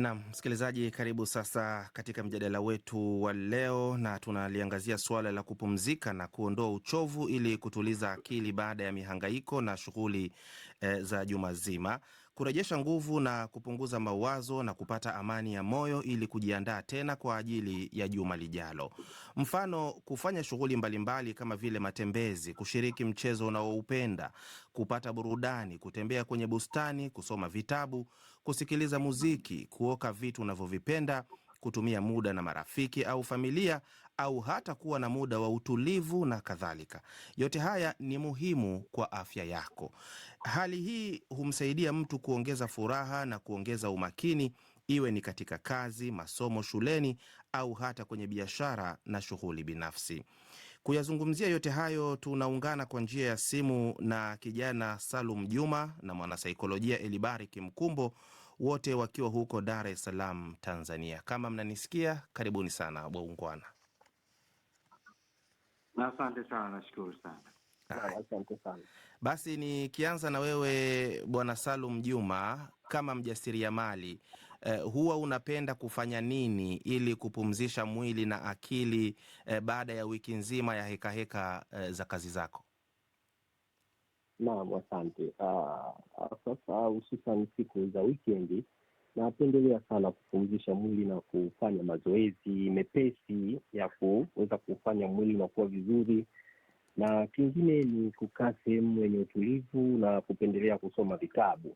Nam msikilizaji, karibu sasa katika mjadala wetu wa leo, na tunaliangazia suala la kupumzika na kuondoa uchovu ili kutuliza akili baada ya mihangaiko na shughuli eh, za juma zima kurejesha nguvu na kupunguza mawazo na kupata amani ya moyo ili kujiandaa tena kwa ajili ya juma lijalo. Mfano, kufanya shughuli mbalimbali kama vile matembezi, kushiriki mchezo unaoupenda, kupata burudani, kutembea kwenye bustani, kusoma vitabu, kusikiliza muziki, kuoka vitu unavyovipenda kutumia muda na marafiki au familia, au hata kuwa na muda wa utulivu na kadhalika. Yote haya ni muhimu kwa afya yako. Hali hii humsaidia mtu kuongeza furaha na kuongeza umakini, iwe ni katika kazi, masomo, shuleni au hata kwenye biashara na shughuli binafsi. Kuyazungumzia yote hayo, tunaungana kwa njia ya simu na kijana Salum Juma na mwanasaikolojia Elibari Kimkumbo wote wakiwa huko Dar es Salaam, Tanzania. Kama mnanisikia, karibuni sana waungwana. Asante sana, nashukuru sana. Basi nikianza na wewe Bwana Salum Juma, kama mjasiriamali eh, huwa unapenda kufanya nini ili kupumzisha mwili na akili eh, baada ya wiki nzima ya hekaheka heka, eh, za kazi zako? Naam, asante. Ah, ah, sasa hususan siku za wikendi napendelea sana kupumzisha mwili na kufanya mazoezi mepesi ya kuweza kufanya mwili unakuwa vizuri, na kingine ni kukaa sehemu yenye utulivu na kupendelea kusoma vitabu.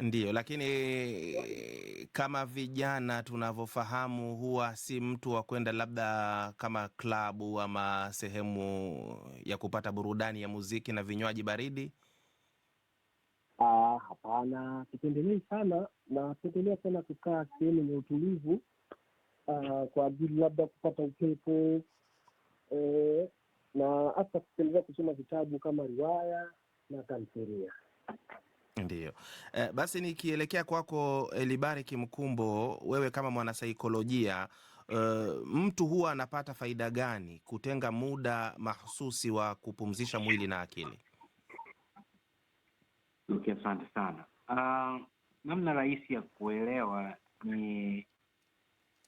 Ndiyo, lakini eh, kama vijana tunavyofahamu, huwa si mtu wa kwenda labda kama klabu ama sehemu ya kupata burudani ya muziki na vinywaji baridi. Ah, hapana, sipendelei sana. Napendelea sana kukaa sehemu yenye utulivu, ah, kwa ajili labda kupata upepo eh, na hasa kupendelea kusoma vitabu kama riwaya na tamthilia. Ndiyo. E, basi nikielekea kwako Elibariki eh, Mkumbo, wewe kama mwanasaikolojia e, mtu huwa anapata faida gani kutenga muda mahususi wa kupumzisha mwili na akili? Okay, asante sana. Uh, namna rahisi ya kuelewa ni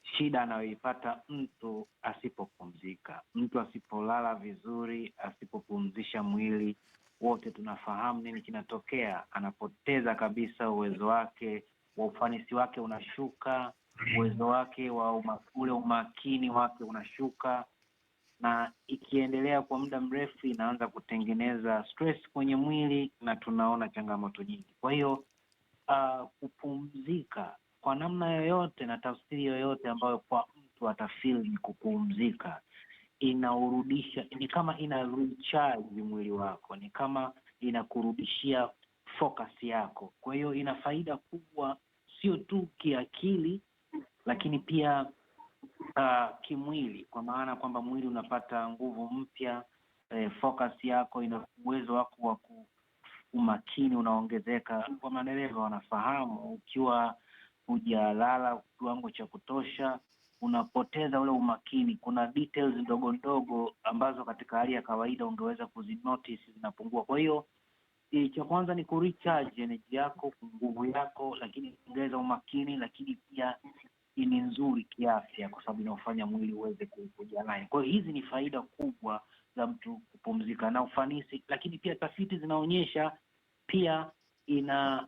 shida anayoipata mtu asipopumzika, mtu asipolala vizuri, asipopumzisha mwili wote tunafahamu nini kinatokea. Anapoteza kabisa uwezo wake wa ufanisi wake unashuka, uwezo wake wa uma, ule umakini wake unashuka, na ikiendelea kwa muda mrefu inaanza kutengeneza stress kwenye mwili na tunaona changamoto nyingi. Kwa hiyo uh, kupumzika kwa namna yoyote na tafsiri yoyote ambayo kwa mtu atafeel ni kupumzika inaurudisha, ni kama ina recharge mwili wako, ni kama inakurudishia focus yako. Kwa hiyo ina faida kubwa, sio tu kiakili, lakini pia uh, kimwili, kwa maana kwamba mwili unapata nguvu mpya eh, focus yako ina uwezo wako wa umakini unaongezeka. Kwa madereva wanafahamu, ukiwa hujalala kiwango cha kutosha unapoteza ule umakini. Kuna details ndogo ndogo ambazo katika hali ya kawaida ungeweza kuzinotice zinapungua. Kwa hiyo eh, cha kwanza ni kurecharge energy yako, nguvu yako, lakini kuongeza umakini, lakini pia ni nzuri kiafya, kwa sababu inaofanya mwili uweze naye. Kwa hiyo hizi ni faida kubwa za mtu kupumzika na ufanisi, lakini pia tafiti zinaonyesha pia ina,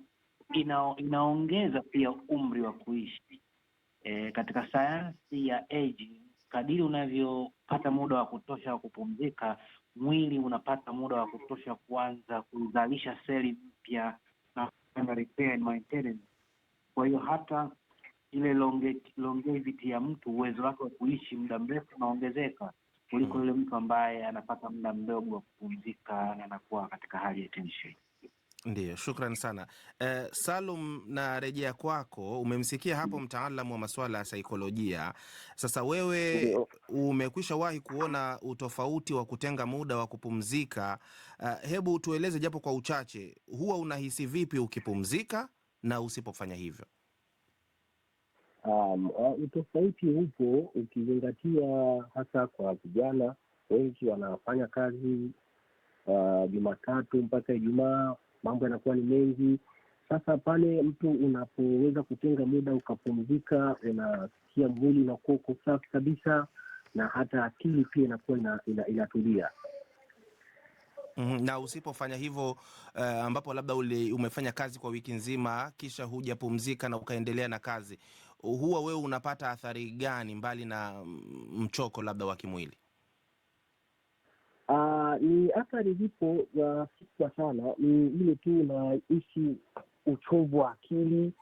ina, inaongeza pia umri wa kuishi e, katika sayansi ya aging, kadiri unavyopata muda wa kutosha wa kupumzika, mwili unapata muda wa kutosha kuanza kuzalisha seli mpya na kufanya repair and maintenance. Kwa hiyo hata ile longevity ya mtu, uwezo wake wa kuishi muda mrefu unaongezeka kuliko hmm. yule mtu ambaye anapata muda mdogo wa kupumzika na anakuwa katika hali ya tension. Ndiyo, shukran sana eh, Salum, narejea kwako. Umemsikia hapo mtaalamu wa masuala ya saikolojia. Sasa wewe umekwisha wahi kuona utofauti wa kutenga muda wa kupumzika eh, hebu tueleze japo kwa uchache, huwa unahisi vipi ukipumzika na usipofanya hivyo? Um, uh, utofauti upo ukizingatia hasa kwa vijana wengi wanafanya kazi eh, Jumatatu uh, mpaka Ijumaa mambo yanakuwa ni mengi. Sasa pale mtu unapoweza kutenga muda ukapumzika, unasikia mwili unakuwa uko safi kabisa, na hata akili pia inakuwa inatulia ina, ina mm-hmm. na usipofanya hivyo uh, ambapo labda uli, umefanya kazi kwa wiki nzima kisha hujapumzika na ukaendelea na kazi, huwa wewe unapata athari gani mbali na mm, mchoko labda wa kimwili? ni athari zipo za sikwa sana, ni ile tu unaishi uchovu wa akili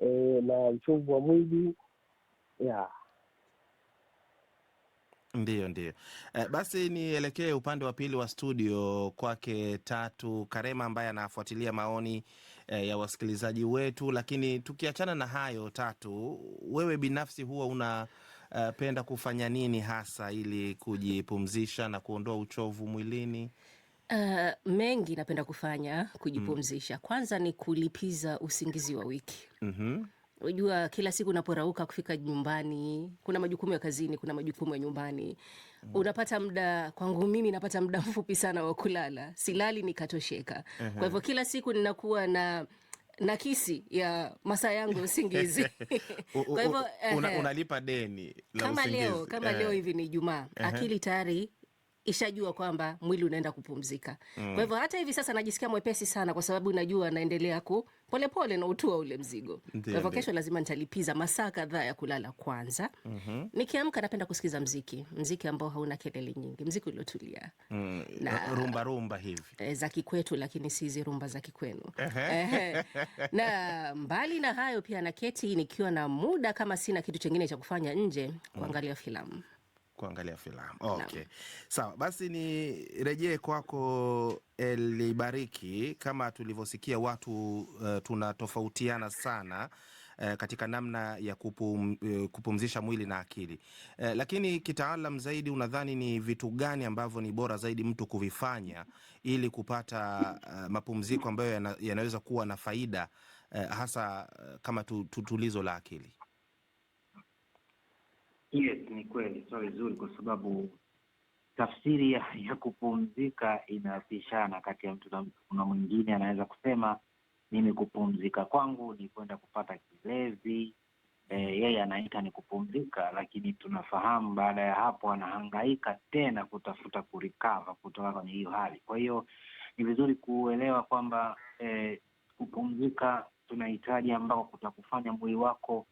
e, na uchovu wa mwili yeah. Ndiyo, ndiyo. E, eh, basi nielekee upande wa pili wa studio kwake Tatu Karema ambaye anafuatilia maoni e, ya wasikilizaji wetu. Lakini tukiachana na hayo, Tatu, wewe binafsi huwa una Eh, penda kufanya nini hasa ili kujipumzisha na kuondoa uchovu mwilini? Uh, mengi napenda kufanya mm. kujipumzisha. mm. Kwanza ni kulipiza usingizi wa wiki. mm -hmm. kila siku unaporauka kufika nyumbani, kuna majukumu ya kazini, kuna majukumu ya nyumbani. mm. Unapata muda, kwangu mimi napata muda mfupi sana wa kulala, silali nikatosheka. uh -huh. Kwa hivyo kila siku ninakuwa na nakisi ya masaa yangu ya usingizi kwa hivyo, unalipa deni la kama Leo kama leo eh. hivi ni Jumaa, akili tayari ishajua kwamba mwili unaenda kupumzika mm. Kwa hivyo hata hivi sasa najisikia mwepesi sana, kwa sababu najua naendelea ku polepole na utua ule mzigo. Kwa hivyo kesho lazima nitalipiza masaa kadhaa ya kulala kwanza. mm -hmm. Nikiamka napenda kusikiza mziki, mziki ambao hauna kelele nyingi, mziki uliotulia mm. na hivi e, za kikwetu, lakini si hizi rumba za kikwenu e, na mbali na hayo pia naketi nikiwa na muda, kama sina kitu chengine cha kufanya nje, mm. kuangalia mm. filamu kuangalia filamu. Okay, sawa basi, ni rejee kwako Elibariki. Kama tulivyosikia watu uh, tunatofautiana sana uh, katika namna ya kupum, uh, kupumzisha mwili na akili uh, lakini kitaalam zaidi, unadhani ni vitu gani ambavyo ni bora zaidi mtu kuvifanya ili kupata uh, mapumziko ambayo yana, yanaweza kuwa na faida uh, hasa uh, kama tutulizo la akili? ni kweli swali zuri, kwa sababu tafsiri ya, ya kupumzika inapishana kati ya mtu na mtu. Kuna mwingine anaweza kusema mimi kupumzika kwangu ni kwenda kupata kilevi e, yeye anaita ni kupumzika, lakini tunafahamu baada ya hapo anahangaika tena kutafuta kurikava kutoka kwenye hiyo hali. Kwa hiyo ni vizuri kuelewa kwamba e, kupumzika tunahitaji ambao kutakufanya mwili wako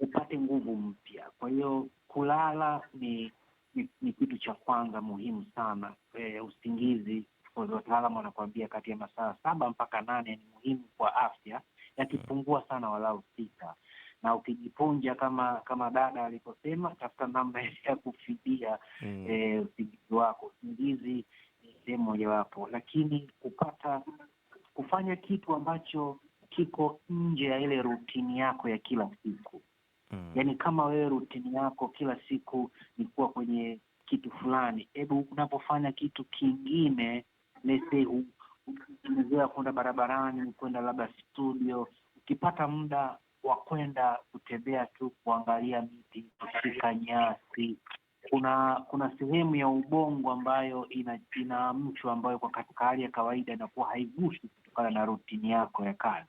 upate nguvu mpya. Kwa hiyo kulala ni, ni ni kitu cha kwanza muhimu sana. E, usingizi wataalamu wanakuambia kati ya masaa saba mpaka nane ni muhimu kwa afya, yakipungua sana walau sita. Na ukijipunja kama kama dada alivyosema, tafuta namna ya kufidia mm. e, usingizi wako. Usingizi ni sehemu mojawapo, lakini kupata kufanya kitu ambacho kiko nje ya ile rutini yako ya kila siku mm. yani kama wewe rutini yako kila siku ni kuwa kwenye kitu fulani, hebu unapofanya kitu kingine, mezea kwenda barabarani, kwenda labda studio, ukipata muda wa kwenda kutembea tu, kuangalia miti, kushika nyasi kuna kuna sehemu ya ubongo ambayo inaamshwa ina ambayo kwa katika hali ya kawaida inakuwa haigushi kutokana na rutini yako ya kazi.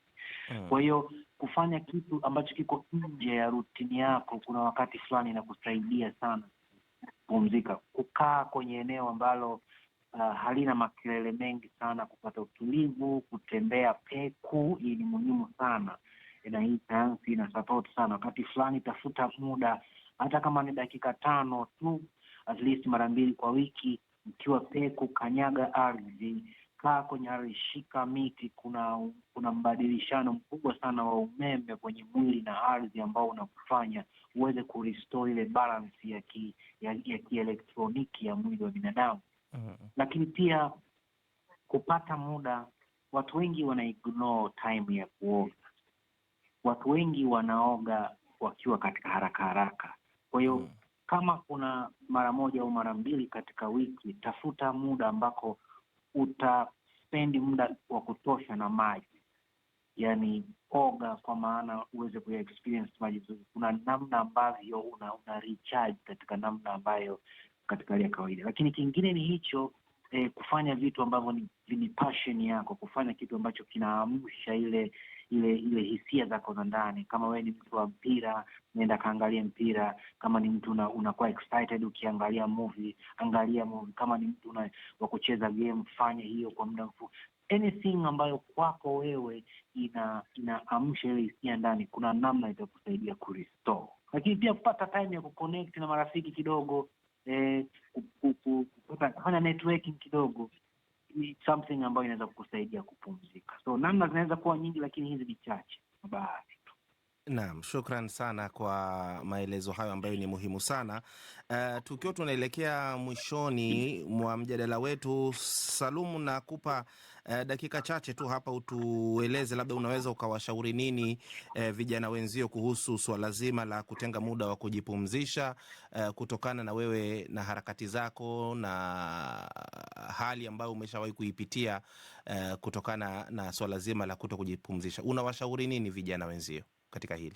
Mm. Kwa hiyo kufanya kitu ambacho kiko nje ya rutini yako, kuna wakati fulani inakusaidia sana kupumzika, kukaa kwenye eneo ambalo Uh, halina makelele mengi sana, kupata utulivu, kutembea peku. Hii ni muhimu sana na hii sayansi ina support sana. Wakati fulani tafuta muda, hata kama ni dakika tano tu, at least mara mbili kwa wiki, mkiwa peku, kanyaga ardhi, alikaa kwenye shika miti, kuna kuna mbadilishano mkubwa sana wa umeme kwenye mwili na ardhi ambao unakufanya uweze kurestore ile balance ya ki, ya, ya kielektroniki ya mwili wa binadamu mm. Lakini pia kupata muda, watu wengi wana ignore time ya kuoga. Watu wengi wanaoga wakiwa katika haraka haraka, kwa hiyo mm. Kama kuna mara moja au mara mbili katika wiki, tafuta muda ambako utaspendi muda wa kutosha na maji, yani oga, kwa maana uweze kuya experience maji vizuri. Kuna namna ambavyo una, una recharge katika namna ambayo katika hali ya kawaida, lakini kingine ni hicho eh, kufanya vitu ambavyo ni, ni passion yako, kufanya kitu ambacho kinaamsha ile ile ile hisia zako za ndani. Kama wewe ni mtu wa mpira, nenda kaangalie mpira. Kama ni mtu una, unakuwa excited ukiangalia movie, angalia movie. Kama ni mtu wa kucheza game, fanye hiyo kwa muda mfupi anything ambayo kwako wewe ina inaamsha ile hisia ndani, kuna namna itakusaidia kurestore, lakini pia kupata time ya kuconnect na marafiki kidogo, eh, networking kidogo, something ambayo inaweza kukusaidia kupumzika. So namna zinaweza kuwa nyingi, lakini hizi ni chache baadhi. Naam, shukran sana kwa maelezo hayo ambayo ni muhimu sana. Uh, tukiwa tunaelekea mwishoni mwa mjadala wetu, Salumu, nakupa uh, dakika chache tu hapa utueleze, labda unaweza ukawashauri nini uh, vijana wenzio kuhusu swala zima la kutenga muda wa kujipumzisha uh, kutokana na wewe na harakati zako na hali ambayo umeshawahi kuipitia uh, kutokana na swala zima la kuto kujipumzisha. Unawashauri nini vijana wenzio? katika hili?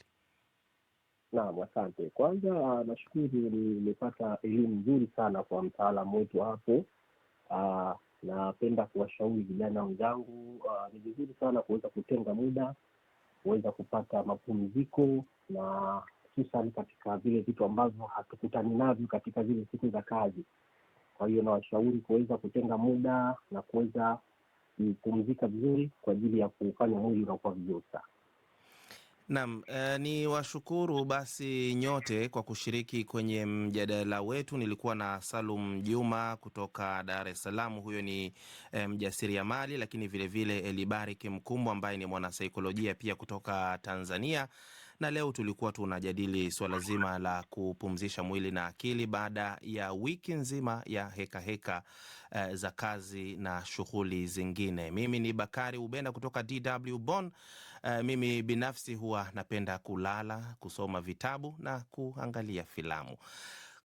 Naam, asante. Kwanza ah, nashukuru nimepata elimu nzuri sana kwa mtaalamu wetu hapo. Ah, napenda kuwashauri vijana wenzangu, ah, ni vizuri sana kuweza kutenga muda, kuweza kupata mapumziko na hususan katika vile vitu ambavyo hatukutani navyo katika zile siku za kazi. Kwa hiyo nawashauri kuweza kutenga muda na kuweza kupumzika vizuri kwa ajili ya kufanya mwili unakuwa vizuri sana. Naam, e, ni washukuru basi nyote kwa kushiriki kwenye mjadala wetu. Nilikuwa na Salum Juma kutoka Dar es Salaam, huyo ni e, mjasiriamali, lakini vilevile Elibariki Mkumbo ambaye ni mwanasaikolojia pia kutoka Tanzania na leo tulikuwa tunajadili suala zima la kupumzisha mwili na akili baada ya wiki nzima ya hekaheka heka, eh, za kazi na shughuli zingine. Mimi ni Bakari Ubenda kutoka DW Bonn. Uh, mimi binafsi huwa napenda kulala, kusoma vitabu na kuangalia filamu.